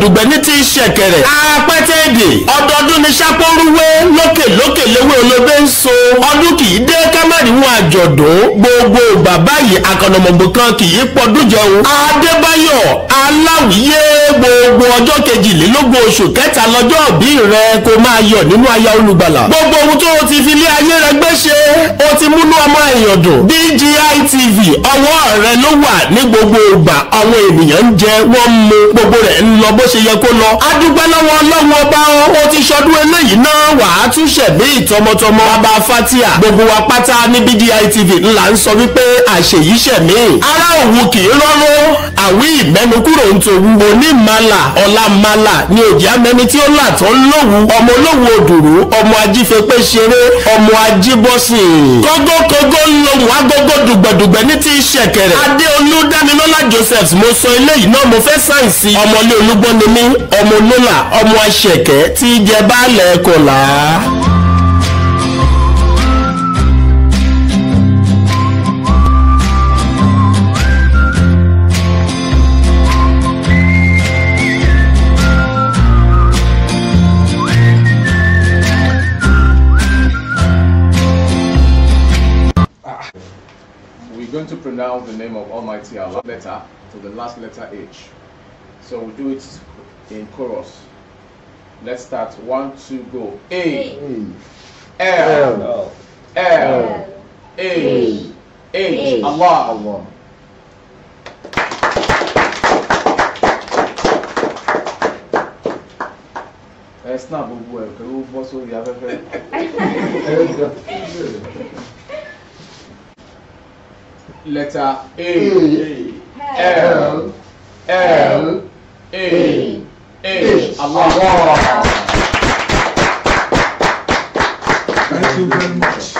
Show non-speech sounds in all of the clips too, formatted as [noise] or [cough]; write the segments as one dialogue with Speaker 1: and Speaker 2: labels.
Speaker 1: dùgbẹ̀dùgbẹ̀ ní ti ṣẹ̀kẹ̀rẹ̀ apẹ́tẹ́ẹ̀dì ọdọọdún ni ṣàpọ̀rúwé lókè lókè léwé olóbe ń so ọdún kì í dé kámẹ́rìnwó àjọ̀dún gbogbo bàbá yìí akànnàmọ̀gbò kan kì í pọdún jẹun adébáyọ̀ aláwìyé gbogbo ọjọ́ kejìlélógún oṣù kẹta lọ́jọ́ òbí rẹ kó máa yọ̀ nínú aya olùgbàlà gbogbo ohun tó o ti fi ilé ayé rẹ gbé ṣe o ti múnú ọmọ èèyàn dùn BGI TV ọwọ́ rẹ ló wà ní gbogbo ìgbà àwọn ènìyàn ń jẹ wọ́n mu gbogbo rẹ̀ ń lọ bó bó ṣe yẹ kó lọ. a lọ́wọ́ ọlọ́run ọba o. ó ti ṣọdún eléyìí náà wà á tún ṣẹ̀mí ìtọmọtọmọ. bàbá fatia gbogbo wa pátá ní BGI TV ńlá ń sọ wípé àṣeyí ṣẹ̀mí. ara òun kì í rọ́rọ́ àwí ìmẹ́nukúrò ń tòwú. òní mala ọ̀la mala ni òjì amẹni tí ó là tó ń lòwú. ọmọ olówó òdùrú ọmọ ajífẹ́pẹ́ ṣeré ọmọ ajíbọ́sìn. kógókógó ń lohùn agogo dùgbẹ̀dùgbẹ̀ ní ti ṣẹ̀kẹ̀rẹ̀. adéolú dánilọ́lá Joseph mo sọ ni mí ọmọ lọ́là ọmọ àṣẹ̀kẹ́ tí í jẹ baálẹ̀ kọ̀là. Ah,
Speaker 2: we're going to pronounce the name of Almighty Allah letter to the last letter H. So we do it in chorus. Let's start. One, two, go. A. L. L. L. A. H. Allah. Allah. Ẹ snap gbogbo ẹ̀ pẹ̀lú bọ́ sórí afẹ́fẹ́. Letter A. A. L. L.
Speaker 1: L.
Speaker 3: Ey,
Speaker 1: ey, Allah. Thank you very much.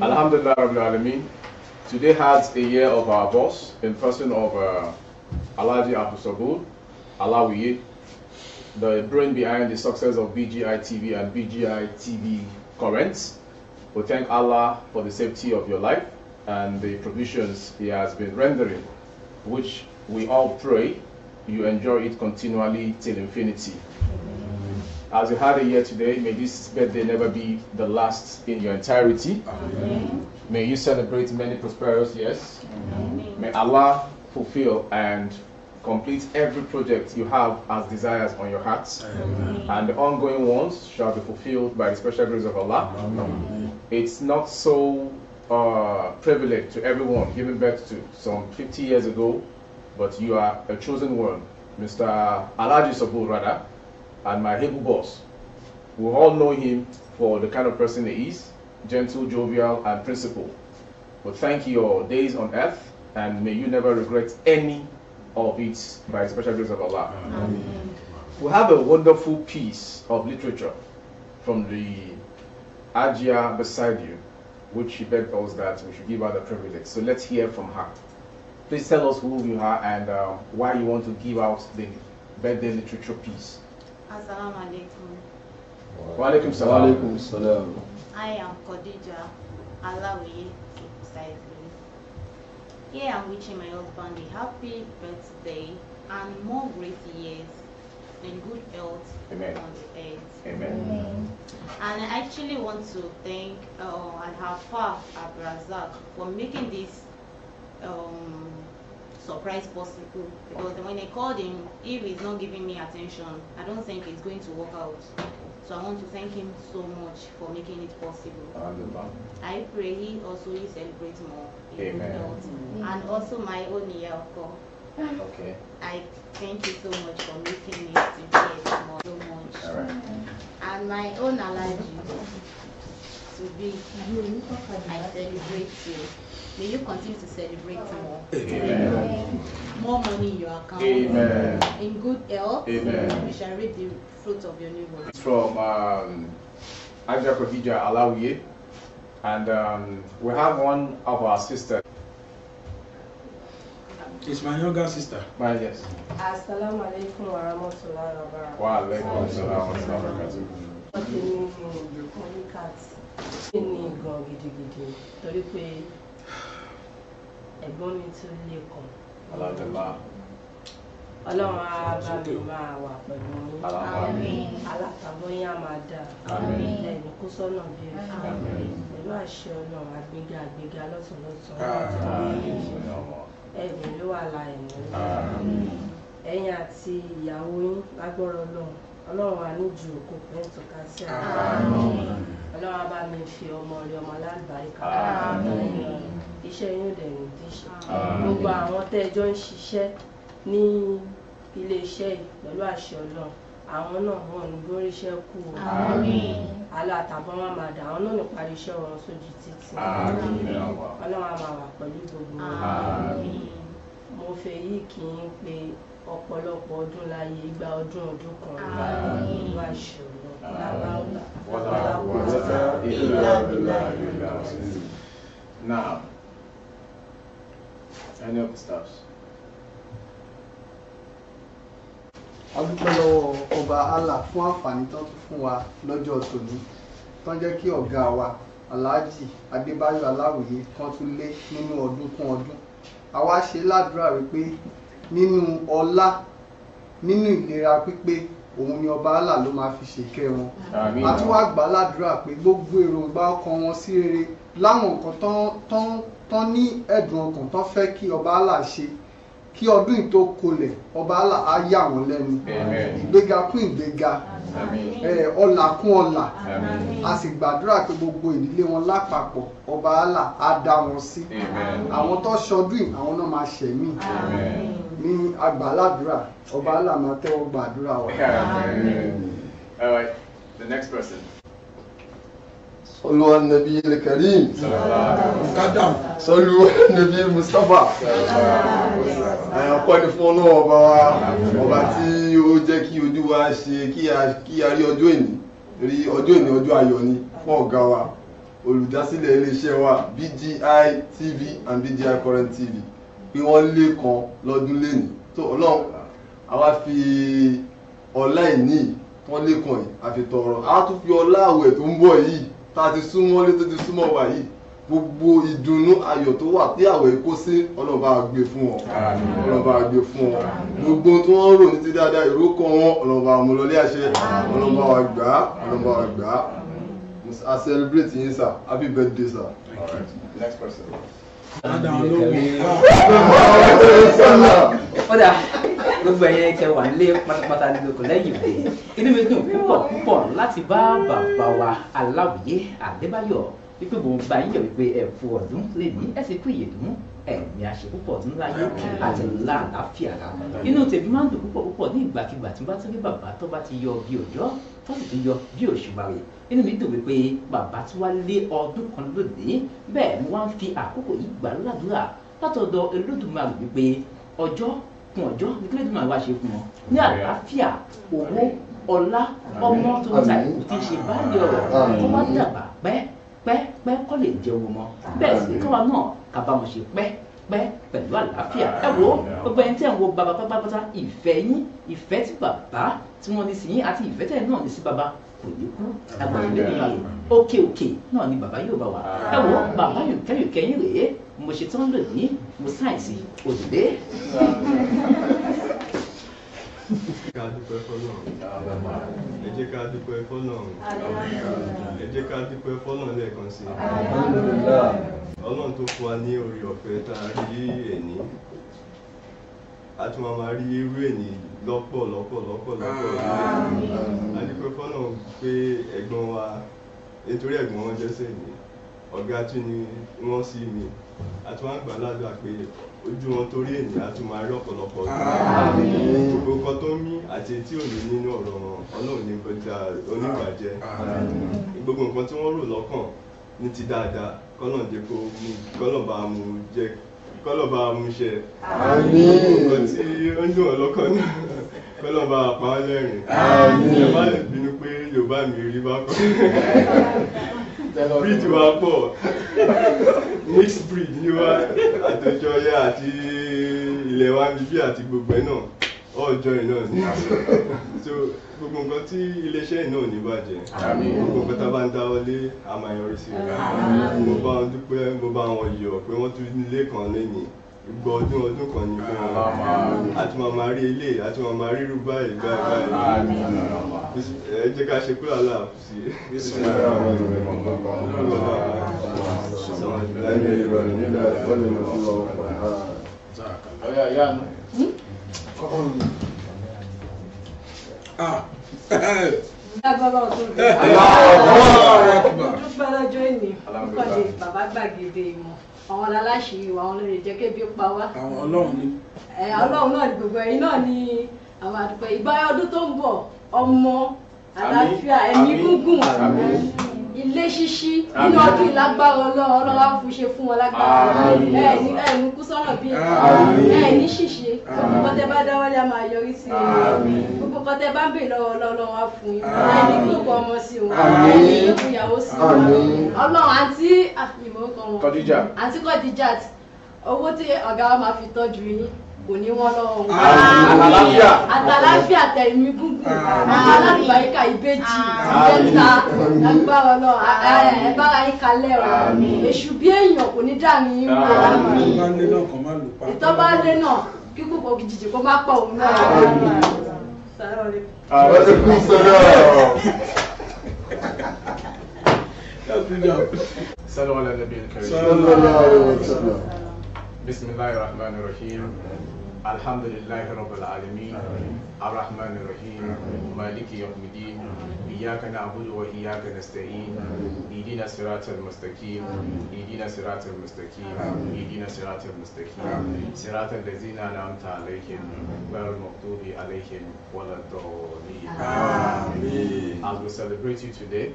Speaker 2: Alhamdulillah Rabbil Alameen. Today has a year of our boss in person of uh, Alaji Abdusabur, Alawiye, the brain behind the success of BGI TV and BGI TV Currents. We thank Allah for the safety of your life and the provisions He has been rendering, which we all pray you enjoy it continually till infinity. As you had a year today, may this birthday never be the last in your entirety. Amen. May you celebrate many prosperous years. Amen. May Allah fulfill and complete every project you have as desires on your hearts, Amen. and the ongoing ones shall be fulfilled by the special grace of Allah. Amen. It's not so uh, privileged to everyone given birth to some 50 years ago, but you are a chosen one, Mr. Alaji Sabur, rather, and my Hebrew boss. We all know him for the kind of person he is gentle, jovial, and principled. But thank you your days on earth, and may you never regret any of it by the special grace of Allah. Amen.
Speaker 1: We have a wonderful
Speaker 2: piece of literature from the Ajia beside you, which she begged us that we should give her the privilege. So let's hear from her. Please tell us who you are and uh, why you want to give out the birthday literature piece.
Speaker 4: Assalamu alaikum.
Speaker 2: Wa alaikum
Speaker 3: salam.
Speaker 4: I am Khadija
Speaker 2: Alawi Saidi. Here yeah, I'm wishing my husband a happy birthday and more great years and good health Amen. on the earth. Amen. Amen. And I actually want to thank uh, and Hafa Abrazak for making this um, surprise possible because when I called him, if he's not giving me attention, I don't think it's going to work out. So I want to thank him so much for making it possible. Hallelujah. I pray he also will celebrate more. Amen. Amen. And also my own year, of course.
Speaker 4: Okay. I thank you so much for making me to hear so much. All right. And my own allergy to be, I celebrate you. May you continue to celebrate more. Amen. More money in your account. Amen. In good health. Amen. We shall reap the fruits of your labor. It's
Speaker 2: from um, Aja Khadija Alawiye. And um, we have one of our sisters. It's my younger sister. My yes. Assalamu
Speaker 4: alaikum wa rahmatullahi wa barakatuh.
Speaker 2: Wa alaikum assalam wa rahmatullahi
Speaker 4: wa barakatuh. Ní nǹkan gidigidi torí pé ẹ̀gbọ́n mi tún lè kàn. alájọba. ọlọ́run á bá mi máa wà pẹ̀lú yín. àmín. alákàbọ̀ yín á máa dà. àmín. ẹnì kó sọ́nà bí o. àmín. pẹ̀lú àṣẹ ọlọ́run àgbéga àgbéga lọ́sọ̀lọ́sọ̀. àmín. ẹ̀mí ló wà láì mú. àmín. ẹ̀yin àti ìyàwó yín lágbọ́rọ̀ ọlọ́run ọlọ́run àní ju òkú pẹ́ tọ́ka sí àwọn ọlọ́run bá mi fi ọmọ rẹ ọmọ alágbàáyé kàkà iṣẹ́ yín ò dẹ̀yìn díṣe gbogbo àwọn tẹ́ ń ṣiṣẹ́ ní iléeṣẹ́ yìí pẹ̀lú àṣẹ ọlọ́run àwọn náà wọn ní gbóríṣẹ́ kù o alátàbọ̀ wọn máa dà àwọn náà ní parí iṣẹ́ wọn sójú títì ọlọ́run á máa wà pẹ̀lú gbogbo mo fẹ́ yìí kí n pe ọ̀pọ̀lọpọ̀ ọdún láyé igba ọdún ọdún kan wá ṣòro lábáwọlá. wàhálà
Speaker 2: any of the stuffs.
Speaker 1: a dúpẹ́ lọ́wọ́ ọba allah fún àǹfààní tó tún fún wa lọ́jọ́ tòní tó ń jẹ́ kí ọ̀gá wa alhaji adébáyọ̀ aláwòye kan tún lé nínú ọdún kún ọdún àwa ṣe ládùúrà wípé nínú ọlá nínú ìlera pípé òun ni ọba allah ló máa fi ṣèkẹ́ wọn àti wàá gbà ládùúrà pé gbogbo èròǹgbà ọkàn wọn sí rere láwọn nǹkan tán tán ní ẹ̀dùn ọkàn tán fẹ́ kí ọba àlà ṣe kí ọdún yìí tó kolẹ̀ ọba àlà á yà wọ́n lẹ́nu ìgbéga kún ìgbéga ọlà kún ọlà a sì gbàdúrà pé gbogbo ìdílé wọn lápapọ̀ ọba àlà á dá wọn sí àwọn tó ṣọdún yìí àwọn náà máa ṣẹ̀mí
Speaker 3: ní agbàládùra ọba àlà máa tẹ́wọ́ gbàdúrà wa.
Speaker 2: All right, the next person.
Speaker 3: صلوا على النبي الكريم مقدم صلوا على النبي المصطفى ọpẹ́ ni fún ọlọ́wọ́ ọba wa ọba tí ó jẹ́ kí ojú wa ṣe kí a rí ọjọ́ èní rí ọjọ́ èní ọjọ́ ayọ̀ ni fún ọ̀gá wa olùdásílẹ̀ iléeṣẹ́ wa BGI TV and BGI Current TV pé wọ́n lé kan lọ́dún lẹ́nu tó ọlọ́run àwa fi ọlá ìní wọ́n lé kan yìí àfitọ̀rọ̀ a tún fi ọlá àwẹ̀ tó ń bọ̀ yìí tá a ti súnmọ́ lé tó ti súnmọ́ wa yìí gbogbo ìdùnnú ayọ̀ tó wà tí àwẹ̀ kó sí ọlọ́ba gbé fún ọ ọlọ́ba gbé fún ọ gbogbo tí wọ́n rò ní ti dáadáa ìrókò wọn ọlọ́ba àmúlọlé àṣẹ ọlọ́ba wa gbà á ọlọ́ba wa gbà á I celebrate yín sir happy birthday sir. Right. next person.
Speaker 4: ọ̀dà gbogbo ẹ̀yẹ kẹ wà nílé pátápátá ní gbogbo lẹ́yìn òde inú mi dùn púpọ̀ púpọ̀ láti bá bàbá wa aláwìyé àdébáyọ̀ wípé mò ń bá yín yọ̀ wípé ẹ kú ọdún lè ní ẹ sì kú ìyèdún ẹ̀mí àṣẹ púpọ̀ tó ń láyé àti ńlá àlàáfíà la inú tèmi máa ń dùn púpọ̀ púpọ̀ ní ìgbàkigbà tí bá tún rí bàbá tó bá ti yọ bí òjọ́ tó sì tún yọ bí òṣùmàrè inú mi dùn wípé bàbá tí wá lé ọdún kan lóde bẹ́ẹ̀ ni wọ́n á fi àkókò yìí gbà ládùúrà látọ̀dọ̀ Olódùmarè wípé ọjọ́ kun ọjọ́ ní kí ló dé máa wá ṣe fún ọ ní àlàáfíà owó ọlá ọmọ tó ń ta ìlú ti ṣe báyìí ọ̀rọ̀ tó bá dàgbà pẹ́ pẹ́ pẹ́ kọ́ lè jẹ owó mọ́ bẹ́ẹ̀ sì káwa náà kábàámọ̀ ṣe pẹ́ pẹ́ pẹ̀lú àlàáfíà ẹ wo gbogbo ẹni tí ẹ ń wo bàbá pátápátá ìfẹ́ yín ìfẹ́ tí bàbá tí wọ́n ní sí yín àti ìfẹ́ tẹ̀ náà ní sí bàbá kò dínkù agbọ̀dọ̀ lẹ́yìn máa òkè òkè náà ni bàbá yóò bá wà ẹ wo bàbá yòókẹ́yòókẹ́ yín rèé mo ṣe tán lónìí mo sáìsì òdìdé. ẹ
Speaker 3: jẹ́ ká dúpẹ́ fọ́lọ́run ẹ jẹ́ ká dúpẹ́ fọ́lọ́run ẹ jẹ́ ká dúpẹ́ fọ́lọ́run lẹ́ẹ̀kan sí i ọlọ́run tó fún wa ní orí ọ̀fẹ́ tá a rí ẹ̀ní a tún máa rí irú ẹni lọ́pọ̀ lọ́pọ̀ lọ́pọ̀ lọ́pọ̀ adúpẹ́ fọ́nà pé ẹ̀gbọ́n wa nítorí ẹ̀gbọ́n wọn jẹ́sẹ̀ ní ọ̀gá a tún wá gbà ládùá pé ojú wọn torí èyí a tún máa rí ọ̀pọ̀lọpọ̀ gbogbo kan tó ń mí àti etí òní nínú ọ̀rọ̀ wọn ọlọ́run ní kọjá oníbàjẹ́ gbogbo nǹkan tí wọ́n rò lọ́kàn ní ti dáadáa kọ́lọ̀ jẹ́ kó mú kọ́lọ̀ bá mú jẹ́ kọ́lọ̀ bá mú ṣe àmín nǹkan tí ó ń dùn ọ́ lọ́kàn náà kọ́lọ̀ bá pa á lẹ́rìn àmín ẹ má lè bínú pé yorùbá mi rí bákan breed wa pọ̀ mixed breed ni wa àtọ̀jọ́ ya àti ilẹ̀ wa níbí àti gbogbo ẹ̀ náà ọjọ́ iná ni so gbogbo nǹkan tí iléeṣẹ́ iná ò ní bàjẹ́ gbogbo nǹkan tá a bá ń dáwọ́ lé a máa yọrí sí ìgbà mo bá wọn dúpẹ́ mo bá wọn yọ̀ pé wọ́n tún ilé kan lẹ́yìn gbọ ọdún ọdún kan ní fún wọn àti máa máa rí ilé àti máa máa rí rúbá ìgbà ìgbà ẹ jẹ́ ká ṣe kúrò àlà sí i. ọ̀ya ìyá nu lágbára ọdún rẹ̀ dúpẹ́ lọ́jọ́ ìní nípàdé bàbá
Speaker 4: gbàgede ìmọ̀ àwọn aláṣìírí wa àwọn olóyè jẹ́ kébi pa wá. àwọn ọlọ́run ni. ọlọ́run náà gbogbo ẹ̀yin náà ni àwọn àdúpẹ́ ìgbà ọdún tó ń bọ̀ ọmọ àlàáfíà ẹ̀mí gúngùn ilé ṣíṣí nínú ọdún ìlágbára ọlọ́run ọlọ́run fún ṣe fún wọn lágbára ẹ̀ ní ẹ̀ ní kú sọ́nà bí ẹ̀ ní ṣìṣe gbogbo tẹ bá dáwọ́lé a máa yọrí sí i gbogbo kan tẹ bá bèè lọ́wọ́ ọlọ́run á fún yín ẹ̀ ní kí nǹkan ọmọ sí wọn ẹ̀ ní kí ìyàwó sí wọn ọlọ́run àti ah, ìmọ̀ wọn àti kọ́díjà owó tí ọ̀gá wa máa fi tọ́jú yín kò ní wọ́n lọ́wọ́ wọn. àtàlàfíà àtàlàfíà tẹ̀mí gúngùn àtàlàfíà ìbejì ìjẹta lágbára lọ ẹ̀bára ìkàlẹ̀ ọ̀ èṣù bí èèyàn kò ní dà ní ìmọ̀ ìtọ́ba lé náà kíkú kò jìjì kó má pa òun náà. àwọn ti kú sọ́dọ̀.
Speaker 2: صلوا على النبي الكريم صلى الله بسم الله الرحمن الرحيم الحمد لله رب العالمين الرحمن الرحيم مالك يوم الدين إياك نعبد وإياك نستعين إهدنا الصراط المستقيم إهدنا الصراط المستقيم إهدنا الصراط المستقيم صراط الذين أنعمت عليهم غير المغضوب عليهم ولا الضالين آمين As we celebrate you today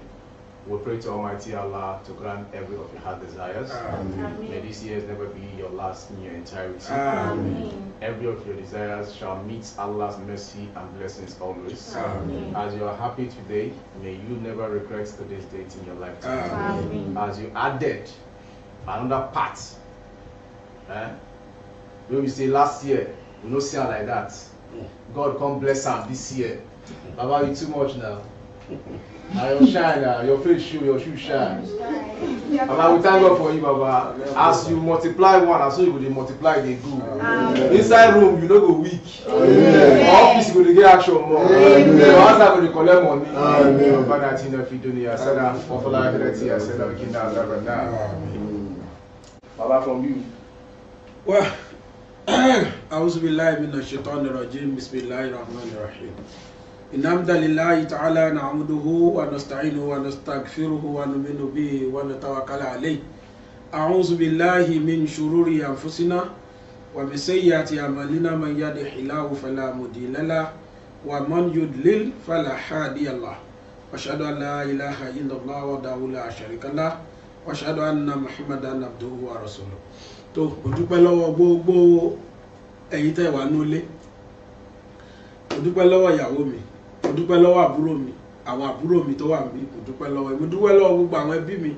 Speaker 2: We pray to Almighty Allah to grant every of your heart desires. Amen. May this year never be your last in your entirety. Amen. Every of your desires shall meet Allah's mercy and blessings always. Amen. As you are happy today, may you never regret today's date in your lifetime. As you added another part, eh? when we say last year, we don't see her like that. God come bless her this year. Baba, you too much now. your shine now. Uh, your face show, your shoe shine.
Speaker 3: And I will thank God
Speaker 2: for you, Baba. As you multiply one, as you go dey multiply dey go. Inside room, you
Speaker 3: no go weak. For office, you go dey get action more. For answer, go dey collect money. Baba,
Speaker 2: that thing if you do need, I said that. Offer like that, I said that we can now, that right now. Baba, from you. Well, [clears throat] I was be
Speaker 5: lying in the Shaitan lying on the Rahim. إن الحمد لله تعالى نعمده ونستعينه ونستغفره ونؤمن به ونتوكل عليه أعوذ بالله من شرور أنفسنا ومن سيئات أعمالنا من يهده الله فلا مضل له ومن يضلل فلا هادي له وأشهد أن لا إله إلا الله وحده لا شريك له وأشهد أن محمدا عبده ورسوله tó mo dúpẹ́ lọ́wọ́ gbogbo ẹ̀yin tẹ́ wà nulẹ̀ mo dúpẹ́ lọ́wọ́ mi mo dúpẹ́ lọ́wọ́ àbúrò mi àwọn àbúrò mi tó wà mí mo dúpẹ́ lọ́wọ́ mo dúpẹ́ lọ́wọ́ gbogbo àwọn ẹbí mi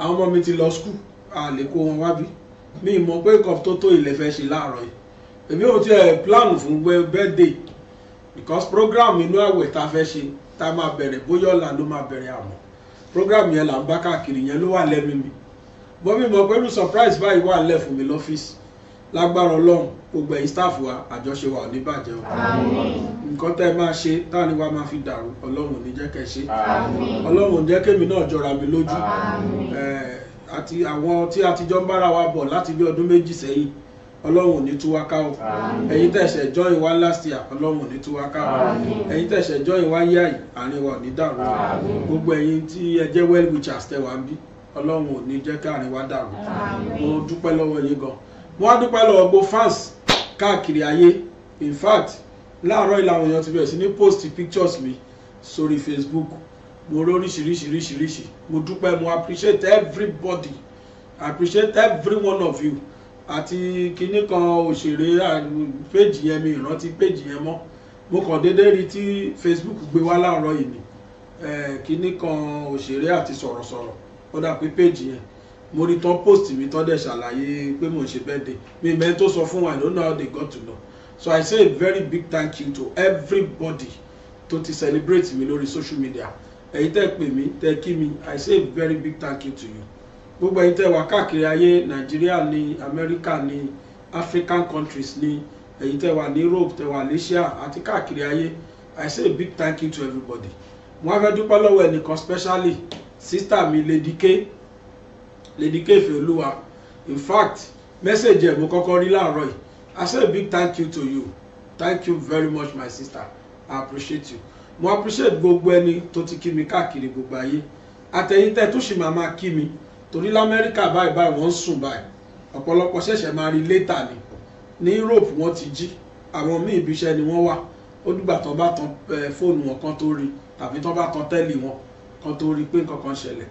Speaker 5: àwọn ọmọ mi ti lọ skul a kó wọn wábí mi mọ̀ pé nǹkan tó tó ilẹ̀ fẹ́ ṣe láàárọ̀ yìí èmi ò tiẹ̀ plan fún birthday because program inú àwẹ̀ tá a fẹ́ ṣe tá a máa bẹ̀rẹ̀ bóyá ọ̀la ló máa bẹ̀rẹ̀ àmọ́ program yẹn là ń bá káàkiri yẹn ló wà lẹ́mìí mi bọ́ mi mọ̀ pé irú surprise báyìí wà lẹ́ fún mi lọ́fíìsì lágbára ọlọ́run gbogbo ẹ̀yin staff wa àjọṣe wa ò ní bàjẹ́ o nǹkan tẹ́ ẹ máa ṣe táàní wa máa fi dàrú ọlọ́run ò ní jẹ́ kẹ́ ṣe ọlọ́run ò ní jẹ́ kémi náà jọra mi lójú àti àwọn tí a ti jọ ń bára wa bọ̀ láti bí ọdún méjì sẹ́yìn ọlọ́run ò ní tú wa ká o ẹ̀yin tẹ̀sẹ̀ join wa last year ọlọ́run ò ní tú wa ká o ẹ̀yin tẹ̀sẹ̀ join wa yíyá yìí àárín wa ò ní dàrú gbogbo ẹ̀yin tí ẹ jẹ́ well witchers tẹ̀ wá ń bí ọlọ́run ò ní jẹ́ káàrin wa dàrú mo dúpẹ́ lọ́wọ́ yín gan wọ́n á dúpẹ́ lọ́wọ́ gbogbo fans káàkiri ayé in fact láàárọ̀ ìlànà èèyàn ti bẹ̀rẹ̀ sí ní post pictures mi sórí facebook mo róríṣiríṣiríṣiríṣi mo dúpẹ́ mo appreciate everybody I appreciate every one of you àti kinní kan òṣèré péjì yẹn mi ìrántí péjì yẹn mọ́ mo kàn déédéé rí tí facebook gbé wá láàárọ̀ yìí ni kinní kan òṣèré àti sọ̀rọ̀sọ̀rọ̀ ó dà pé péjì yẹn mo rí tán post mi tán dẹ̀ ṣàlàyé pé mò ń ṣe birthday mi mẹ́rin tó sọ fún wa I don't know how they got to know so I say a very big thank you to everybody To ti celebrate mi lórí social media ẹ̀yin tẹ́ pè mí tẹ́ kí mi I say a very big thank you to you gbogbo ẹ̀yin tẹ́ wà káàkiri ayé Nàìjíríà ní Amẹ́ríkà ní African countries ní ẹ̀yin tẹ́ wà ní Europe tẹ́ wà Asia àti káàkiri ayé I say a big thank you to everybody mo wá fẹ́ dúpẹ́ lọ́wọ́ ẹnìkan specially sister mi Lady K lady for olúwa in fact message ẹ̀ mo kọ́kọ́ rí láàárọ̀ yìí i say a big thank you to you thank you very much my sister i appreciate you mo appreciate gbogbo ẹni tó ti kí mi káàkiri gbogbo ayé àtẹ̀yìn tẹ́ tó ṣì máa máa kí mi torí lamẹ́ríkà báyìí báyìí wọ́n ń sùn báyìí ọ̀pọ̀lọpọ̀ ṣẹ̀ṣẹ̀ máa rí létà ni ní europe wọ́n ti jí àwọn míì ibi iṣẹ́ ni wọ́n wà ó dìgbà tán bá tan eh, fóònù wọn kan tó rí tàbí tán bá tan tẹ́lì wọn kan tó rí pé nǹkan kan ṣẹlẹ̀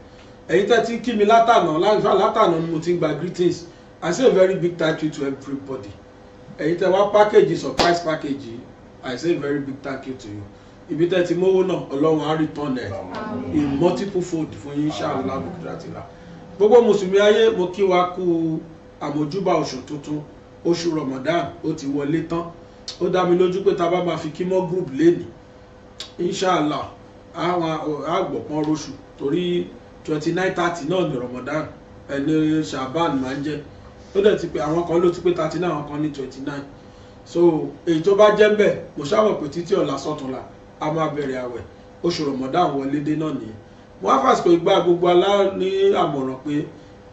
Speaker 5: ẹ̀yin tẹ́ ti kí mi látànà láǹfà látànà ni mo ti ń gba greetings I say a very big thank you to everybody ẹ̀yin tẹ́ wá package surprise package I say a very big thank you to you ibi tẹ́ ti mówó náà ọlọ́run á return ẹ̀ in multiple fold fún yín ṣáàlá bùkúrátìlá gbogbo mùsùlùmí ayé mo kí wa kú àmójúbà oṣù tuntun oṣù Ramadan ó ti wọlé tán ó dá mi lójú pé tá a bá máa fi kí mọ́ group lẹ́nìí inshallah àwọn àgbọ̀pọ̀ roṣù torí twenty nine thirty náà ní Ramadan ẹni Shaban máa ń jẹ́ ó dẹ̀ ti pé àwọn kan ló ti pé thirty nine àwọn kan ní twenty nine so èyí tó bá jẹ́ mbẹ̀ mo ṣàwọ̀ pé títí ọ̀la sọ̀túnla a máa bẹ̀rẹ̀ àwẹ̀ oṣù Ramadan wọlé dé náà nìyẹn mo wá fàṣìkò ìgbà gbogbo alá ní àmọ̀ràn pé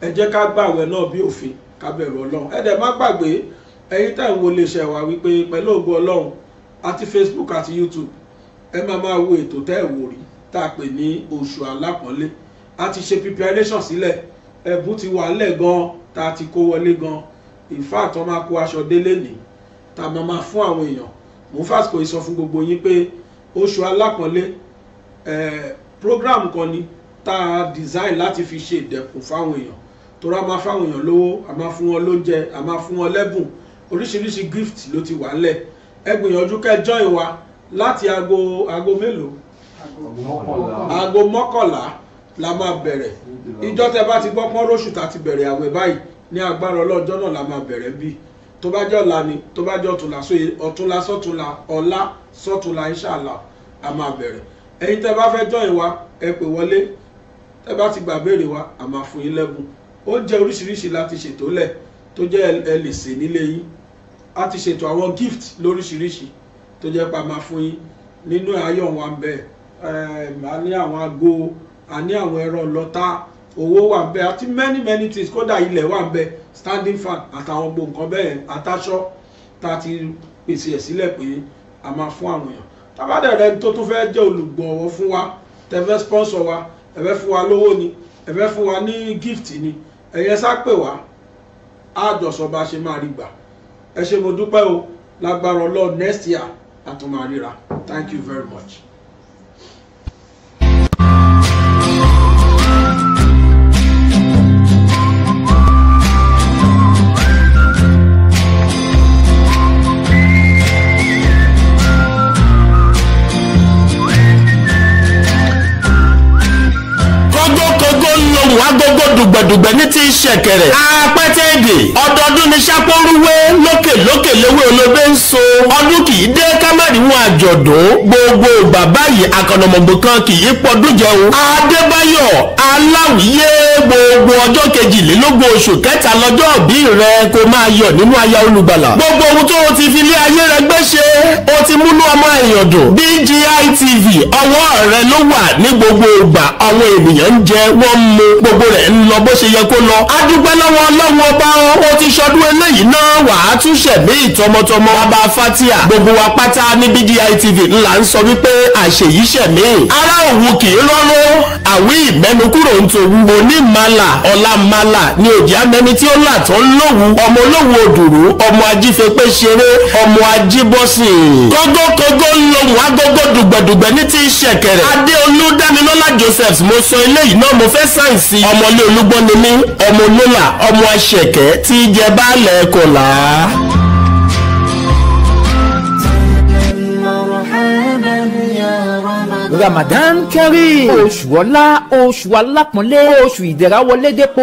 Speaker 5: ẹ jẹ́ ká gbàwẹ̀ náà bí òfin ká bẹ̀rù Ọlọ́run ẹ dẹ̀ má gbàgbé ẹ̀yin tá à ń wo iléeṣẹ́ wa wípé pẹ̀lú ògo Ọlọ́run àti Facebook àti YouTube ẹ máa máa wo ètò tẹ́ ẹ̀ wò rí tá a pè ní oṣù alápọ̀nlé a ti ṣe preparation sílẹ̀ ẹ̀bùn ti wà lẹ̀ gan tá a ti kó wọlé gan in fact wọ́n máa kó aṣọ délé nì tá a máa fún àwọn èèyàn mo fàsìkò sọ fún gbogbo yín pé oṣù alápọ̀nlé program kan ni tá design láti fi ṣe ìdẹ̀kùn fáwọn èèyàn torí a máa fáwọn èèyàn lówó a máa fún wọn lóúnjẹ a máa fún wọn lẹ́bùn oríṣiríṣi gift ló ti wà ńlẹ̀ ẹ gbìyànjú kẹ́ join wa láti aago aago mélòó aago mọ́kànlá la máa bẹ̀rẹ̀ ìjọ tẹ bá ti gbọ́ pọ́n róṣù tá ti bẹ̀rẹ̀ àwẹ̀ báyìí ní agbára ọlọ́jọ́ náà la máa bẹ̀rẹ̀ bí tó bá jẹ́ ọ̀la ni tó bá jẹ́ ọ̀túnla sóye ọ̀túnla sọ̀túnla ọ̀la sọ̀túnla inṣàlá a máa bẹ̀rẹ̀ ẹ̀yin tẹ bá fẹ́ jọyìn wa ẹ pè wọlé tẹ bá ti gbà béèrè wa a máa fún yín lẹ́bùn ó jẹ́ oríṣiríṣi láti ṣètò lẹ̀ tó jẹ́ ẹ lè sè nílé yín a ti ṣètò àwọn gift lóríṣiríṣi tó jẹ́ pa máa fún yín nínú ayọ̀ wa ń bẹ ẹ̀ máa ní àwọn ago a ní àwọn ẹ̀rọ lọ́tà owó wà ń àti many many things kódà ilẹ̀ wà ń bẹ standing fan àtàwọn gbogbo nǹkan bẹ́ẹ̀ àtàṣọ tá a ti pèsè ẹ̀ sílẹ̀ pé a máa fún àwọn èèyàn tábàdà rẹ tó tún fẹ́ jẹ́ olùgbọ̀wọ́ fún wa tẹ̀fẹ́ sponsor wa ẹ̀fẹ́ fún wa lówó ni ẹ̀fẹ́ fún wa ní gift ni ẹ̀yẹ sá pè wá àjọsọ bá ṣe máa rí gbà ẹ ṣé mo dúpẹ́ o lágbára Ọlọ́run next year a tún máa ríra thank you very much.
Speaker 1: agogo dùgbẹ̀dùgbẹ̀ ní ti ṣẹ̀kẹ̀rẹ̀ apẹ́tẹ́ èdè ọdọọdún ni ṣàpọ̀rúwé lókè lókè lówó olóbe ń so ọdún kì í dé kámẹ́rìnwó àjọ̀dún gbogbo bàbá yìí akànnàmọ̀gbò kan kì í pọdún jẹun adébáyọ̀ aláwìyé gbogbo ọjọ́ kejìlélógún oṣù kẹta lọ́jọ́ òbí rẹ kó máa yọ̀ nínú aya olùgbàlà gbogbo ohun tó o ti fi ilé ayé rẹ gbé ṣe o ti múnú ọmọ èèyàn dùn BGI TV ọwọ́ rẹ ló wà ní gbogbo ìgbà àwọn ènìyàn ń jẹ wọ́n mu gbogbo gbogbo rẹ̀ ń lọ bó ṣe yẹ kó lọ. a dúpẹ́ lọ́wọ́ ọlọ́run ọba o ó ti ṣọdún eléyìí náà wà á tún ṣẹ̀mí ìtọmọtọmọ bàbá fatia gbogbo wa pátá ní BGI TV ńlá ń sọ wípé àṣeyí ṣẹ̀mí. ara òun kì í rọ́rùn àwí ìmẹ́nukúrò ń tòwú onímàlà ọ̀làmàlà ni òjì amẹni tí ó là tó ń lòwú ọmọ olówó òdùrú ọmọ ajífẹ́pẹ́ ṣeré ọmọ ajíbọ́sìn. kógókógó ń mo sọ eléyìí ọmọlé olúgbọ́n ni mí ọmọ olólà ọmọ àṣẹkẹ́ tí í jẹ baálẹ̀ kọlà.
Speaker 4: Ramadan Kareem oṣù ọlá oṣù alápọ̀nlé oṣù ìdẹ̀ra wọlé dépò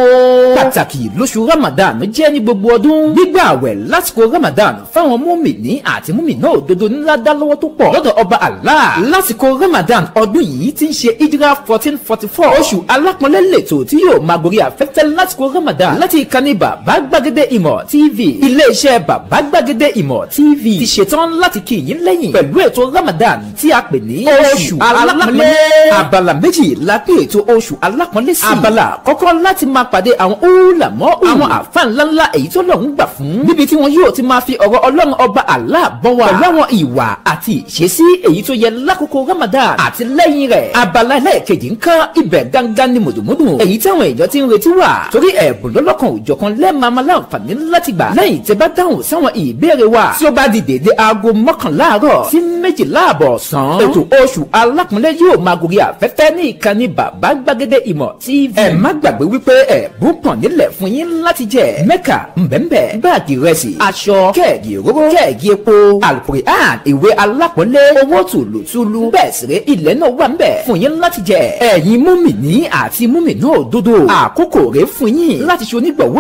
Speaker 4: pàtàkì lóṣù Ramadan jẹ́ ní gbogbo ọdún gbígbà àwẹ̀ lásìkò Ramadan fáwọn múmìnì àti múmìnà òdodo ńlá dá lọ́wọ́ tó pọ̀ lọ́dọ̀ ọba Allah lásìkò Ramadan ọdún yìí ti ń ṣe hijra fourteen forty four oṣù alápọ̀nlé lẹ́tọ̀ tí yóò máa gorí afẹ́fẹ́ lásìkò Ramadan láti ìkànnì bàbá gbàgede ìmọ̀ TV iléeṣẹ́ bàbá gbàgede ìmọ̀ TV ti ṣetán láti kí yín lẹ́yìn pẹ̀lú ètò Ramadan tí a pè ní oṣù alápọ̀nlé alápọ̀nlé. abala méjì la pé ètò oṣù alápọ̀nlé sí. abala kọ́kọ́ láti máa pàdé àwọn olùlàmọ́ àwọn àfa ńláńlá èyí tó lọ́hùn gbà fún. níbi tí wọn yóò ti máa fi ọ̀rọ̀ ọlọ́run ọba Allah bọ́ wa. pẹ̀lú àwọn ìwà àti ìṣesí èyí tó yẹ lákòókò Ramadan àti lẹ́yìn rẹ̀. abala ẹlẹ́ẹ̀kejì nǹkan ibẹ̀ gangan ni mùdùmùdù. èyí táwọn èèyàn ti ń retí wà. torí ẹ̀bùn lọ́lọ́kan òjọ̀kan lẹ́ẹ̀mama láǹfààní láti gbà. lẹ́yìn tẹ́ bá dáhùn sáwọn ìbéèrè wa. tí ó bá di dédé aago mọ́kànlá àárọ̀ sí méjìlá àbọ̀ ọ̀sán. ètò oṣù alákùn àpọ́nlé yóò máa gòrí afẹ́fẹ́ ní ìkànnì bàbá gbàgede ìmọ̀ tv. ẹ má gbàgbé wípé ẹ̀bùn pọ̀n nílẹ̀ fún yín láti jẹ mẹ́kà ńbẹ́ńbẹ́ báàgì rẹsì aṣọ kẹ́ẹ̀gì òróró kẹ́ẹ̀gì epo alukur'an ìwé alápọ̀nlé owó tùlùtùlù bẹ́ẹ̀ sì ilẹ̀ náà wà ńbẹ̀ fún yín láti jẹ ẹ̀yin múmìnì àti múmìnì òdodo àkókò rẹ̀ fún yín láti ṣe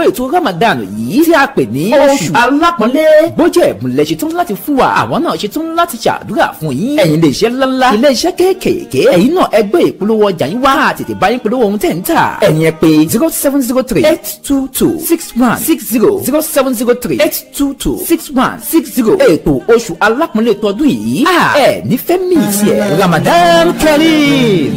Speaker 4: ètò ramadan a pè ní oṣù alápọ̀nlé bójú ẹ̀bùn lẹ̀ ṣetán láti fún wa àwọn náà ṣetán láti ṣàdúrà fún yín ẹ̀yin lè ṣe ńláńlá ilé iṣẹ́ kéèké kéékèèké ẹ̀yin náà ẹ gbé ìpolówó ọjà yín wá tètè bá polówó ohun tẹ̀ ń tà ẹ̀yin ẹ pè zero seven zero three eight two two six one six zero zero seven zero three eight two two six one six zero ètò oṣù alápọ̀nlé tọdún yìí ẹ nífẹ̀ẹ́ mi ìṣe Ramadan Kareem.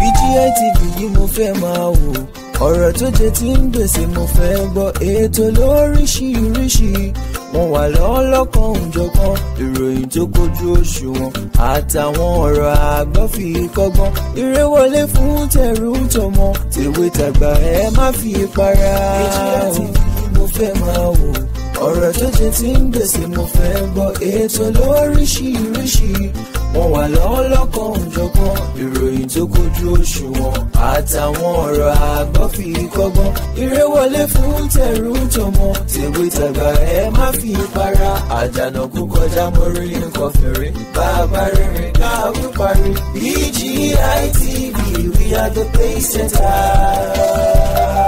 Speaker 4: BGI TV yìí mo fẹ́ máa wò ọ̀rọ̀ tó jẹ ti ń gbèsè mo fẹ́ gbọ́ ètò lóríṣiríṣi wọn wà lọ́lọ́kan òjọ̀kan ìròyìn tó kojú òṣùwọ̀n àtàwọn ọ̀rọ̀ àgbọ́ fi kọ́gbọ́n eré wọlé fún tẹrú tọmọ tèwe tàgbà ẹ má fi para ètò láti mo fẹ́ máa wò ọ̀rọ̀ tó jẹ ti ń gbèsè mo fẹ́ gbọ́ ètò lóríṣiríṣi wọn wà lọ́wọ́ lọ́kàn òjọ̀kan ìròyìn tó kojú òṣùwọ̀n àtàwọn ọ̀rọ̀ àgbọ́ fi kọ́gbọ́n eré wọlé fún tẹ̀rù tọmọ tèwe tàgbà ẹ má fi para àdànà kú kọjá mo rí nǹkan fèrè bàbá rere káwé parí BGI e we are the
Speaker 1: pace setters